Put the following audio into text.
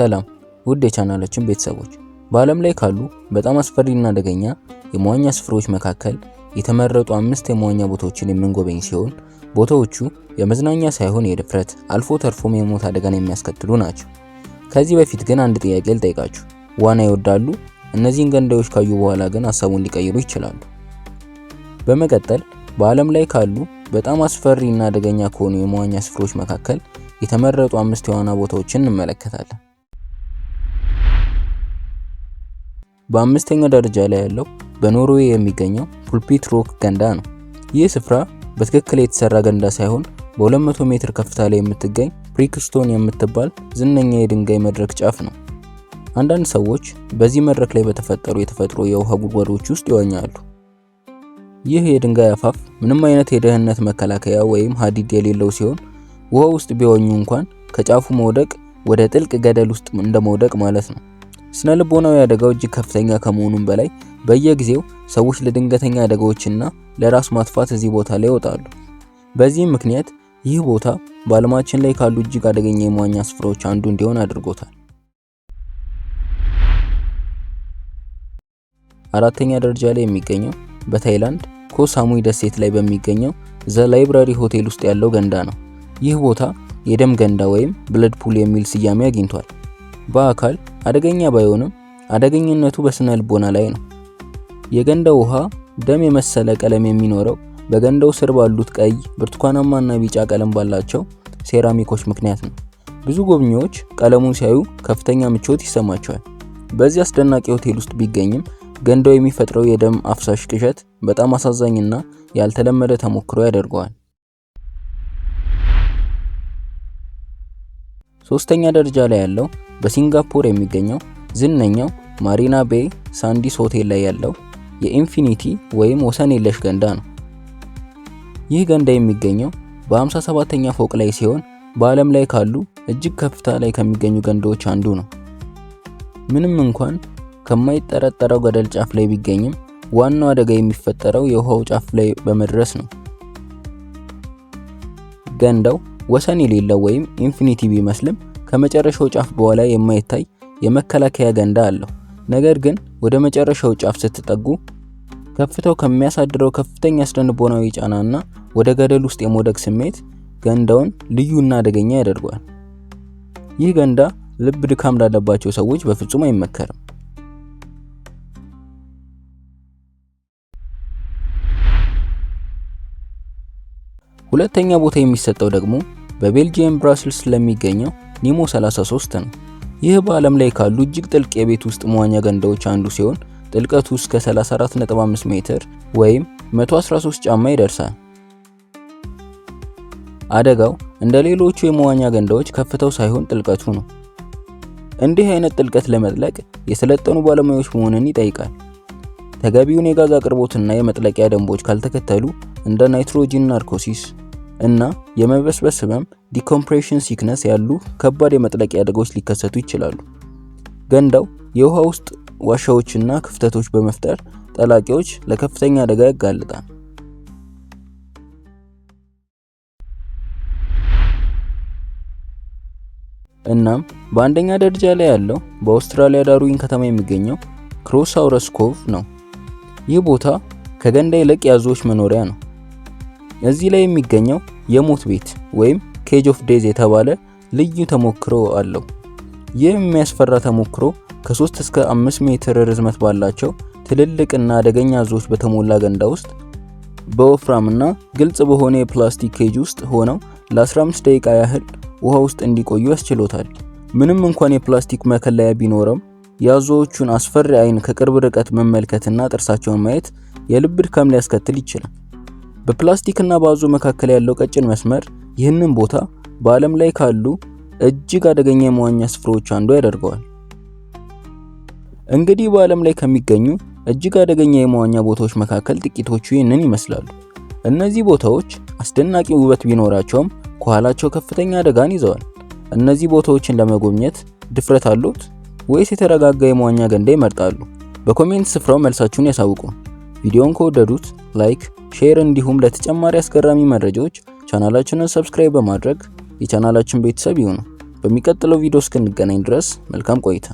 ሰላም ውድ የቻናላችን ቤተሰቦች፣ በዓለም ላይ ካሉ በጣም አስፈሪና አደገኛ የመዋኛ ስፍራዎች መካከል የተመረጡ አምስት የመዋኛ ቦታዎችን የምንጎበኝ ሲሆን ቦታዎቹ የመዝናኛ ሳይሆን የድፍረት አልፎ ተርፎም የሞት አደጋን የሚያስከትሉ ናቸው። ከዚህ በፊት ግን አንድ ጥያቄ ልጠይቃችሁ። ዋና ይወዳሉ? እነዚህን ገንዳዎች ካዩ በኋላ ግን ሀሳቡን ሊቀይሩ ይችላሉ። በመቀጠል በዓለም ላይ ካሉ በጣም አስፈሪና አደገኛ ከሆኑ የመዋኛ ስፍራዎች መካከል የተመረጡ አምስት የዋና ቦታዎችን እንመለከታለን። በአምስተኛ ደረጃ ላይ ያለው በኖርዌይ የሚገኘው ፑልፒት ሮክ ገንዳ ነው። ይህ ስፍራ በትክክል የተሰራ ገንዳ ሳይሆን በ200 ሜትር ከፍታ ላይ የምትገኝ ፕሪክስቶን የምትባል ዝነኛ የድንጋይ መድረክ ጫፍ ነው። አንዳንድ ሰዎች በዚህ መድረክ ላይ በተፈጠሩ የተፈጥሮ የውሃ ጉድጓዶች ውስጥ ይዋኛሉ። ይህ የድንጋይ አፋፍ ምንም አይነት የደህንነት መከላከያ ወይም ሀዲድ የሌለው ሲሆን ውሃ ውስጥ ቢዋኙ እንኳን ከጫፉ መውደቅ ወደ ጥልቅ ገደል ውስጥ እንደመውደቅ ማለት ነው። ስነ ልቦናዊ አደጋው እጅግ ከፍተኛ ከመሆኑም በላይ በየጊዜው ሰዎች ለድንገተኛ አደጋዎችና ለራስ ማጥፋት እዚህ ቦታ ላይ ይወጣሉ። በዚህም ምክንያት ይህ ቦታ በዓለማችን ላይ ካሉ እጅግ አደገኛ የመዋኛ ስፍራዎች አንዱ እንዲሆን አድርጎታል። አራተኛ ደረጃ ላይ የሚገኘው በታይላንድ ኮሳሙይ ደሴት ላይ በሚገኘው ዘ ላይብራሪ ሆቴል ውስጥ ያለው ገንዳ ነው። ይህ ቦታ የደም ገንዳ ወይም ብለድ ፑል የሚል ስያሜ አግኝቷል። በአካል አደገኛ ባይሆንም አደገኝነቱ በስነ ልቦና ላይ ነው። የገንዳ ውሃ ደም የመሰለ ቀለም የሚኖረው በገንዳው ስር ባሉት ቀይ፣ እና ቢጫ ቀለም ባላቸው ሴራሚኮች ምክንያት ነው። ብዙ ጎብኚዎች ቀለሙን ሲያዩ ከፍተኛ ምቾት ይሰማቸዋል። በዚህ አስደናቂ ሆቴል ውስጥ ቢገኝም ገንዳው የሚፈጥረው የደም አፍሳሽ ቅዠት በጣም አሳዛኝና ያልተለመደ ተሞክሮ ያደርገዋል። ሶስተኛ ደረጃ ላይ ያለው በሲንጋፖር የሚገኘው ዝነኛው ማሪና ቤይ ሳንዲስ ሆቴል ላይ ያለው የኢንፊኒቲ ወይም ወሰን የለሽ ገንዳ ነው። ይህ ገንዳ የሚገኘው በ57ኛ ፎቅ ላይ ሲሆን በዓለም ላይ ካሉ እጅግ ከፍታ ላይ ከሚገኙ ገንዳዎች አንዱ ነው። ምንም እንኳን ከማይጠረጠረው ገደል ጫፍ ላይ ቢገኝም ዋናው አደጋ የሚፈጠረው የውሃው ጫፍ ላይ በመድረስ ነው። ገንዳው ወሰን የሌለው ወይም ኢንፊኒቲ ቢመስልም ከመጨረሻው ጫፍ በኋላ የማይታይ የመከላከያ ገንዳ አለው። ነገር ግን ወደ መጨረሻው ጫፍ ስትጠጉ ከፍታው ከሚያሳድረው ከፍተኛ ስነልቦናዊ ጫናና ወደ ገደል ውስጥ የመውደቅ ስሜት ገንዳውን ልዩና አደገኛ ያደርገዋል። ይህ ገንዳ ልብ ድካም ላለባቸው ሰዎች በፍጹም አይመከርም። ሁለተኛ ቦታ የሚሰጠው ደግሞ በቤልጂየም ብራስልስ ስለሚገኘው ኒሞ 33 ነው። ይህ በዓለም ላይ ካሉ እጅግ ጥልቅ የቤት ውስጥ መዋኛ ገንዳዎች አንዱ ሲሆን ጥልቀቱ እስከ 34.5 ሜትር ወይም 113 ጫማ ይደርሳል። አደጋው እንደ ሌሎቹ የመዋኛ ገንዳዎች ከፍታው ሳይሆን ጥልቀቱ ነው። እንዲህ አይነት ጥልቀት ለመጥለቅ የሰለጠኑ ባለሙያዎች መሆንን ይጠይቃል። ተገቢውን የጋዝ አቅርቦትና የመጥለቂያ ደንቦች ካልተከተሉ እንደ ናይትሮጂን ናርኮሲስ እና የመበስበስ ህመም ዲኮምፕሬሽን ሲክነስ ያሉ ከባድ የመጥለቂያ አደጋዎች ሊከሰቱ ይችላሉ። ገንዳው የውሃ ውስጥ ዋሻዎችና ክፍተቶች በመፍጠር ጠላቂዎች ለከፍተኛ አደጋ ያጋልጣል። እናም በአንደኛ ደረጃ ላይ ያለው በአውስትራሊያ ዳርዊን ከተማ የሚገኘው ክሮሳውረስ ኮቭ ነው። ይህ ቦታ ከገንዳ ይልቅ የአዞዎች መኖሪያ ነው። እዚህ ላይ የሚገኘው የሞት ቤት ወይም ኬጅ ኦፍ ዴዝ የተባለ ልዩ ተሞክሮ አለው። ይህ የሚያስፈራ ተሞክሮ ከ3 እስከ 5 ሜትር ርዝመት ባላቸው ትልልቅና አደገኛ ዞች በተሞላ ገንዳ ውስጥ በወፍራምና ግልጽ በሆነ የፕላስቲክ ኬጅ ውስጥ ሆነው ለ15 ደቂቃ ያህል ውሃ ውስጥ እንዲቆዩ ያስችሎታል። ምንም እንኳን የፕላስቲክ መከለያ ቢኖረም የአዞዎቹን አስፈሪ አይን ከቅርብ ርቀት መመልከትና ጥርሳቸውን ማየት የልብ ድካም ሊያስከትል ይችላል። በፕላስቲክና በአዞ መካከል ያለው ቀጭን መስመር ይህንን ቦታ በዓለም ላይ ካሉ እጅግ አደገኛ የመዋኛ ስፍራዎች አንዱ ያደርገዋል። እንግዲህ በዓለም ላይ ከሚገኙ እጅግ አደገኛ የመዋኛ ቦታዎች መካከል ጥቂቶቹ ይህንን ይመስላሉ። እነዚህ ቦታዎች አስደናቂ ውበት ቢኖራቸውም ከኋላቸው ከፍተኛ አደጋን ይዘዋል። እነዚህ ቦታዎችን ለመጎብኘት ድፍረት አሉት ወይስ የተረጋጋ የመዋኛ ገንዳ ይመርጣሉ? በኮሜንት ስፍራው መልሳችሁን ያሳውቁ። ቪዲዮን ከወደዱት ላይክ፣ ሼር እንዲሁም ለተጨማሪ አስገራሚ መረጃዎች ቻናላችንን ሰብስክራይብ በማድረግ የቻናላችን ቤተሰብ ይሁኑ። በሚቀጥለው ቪዲዮ እስክንገናኝ ድረስ መልካም ቆይታ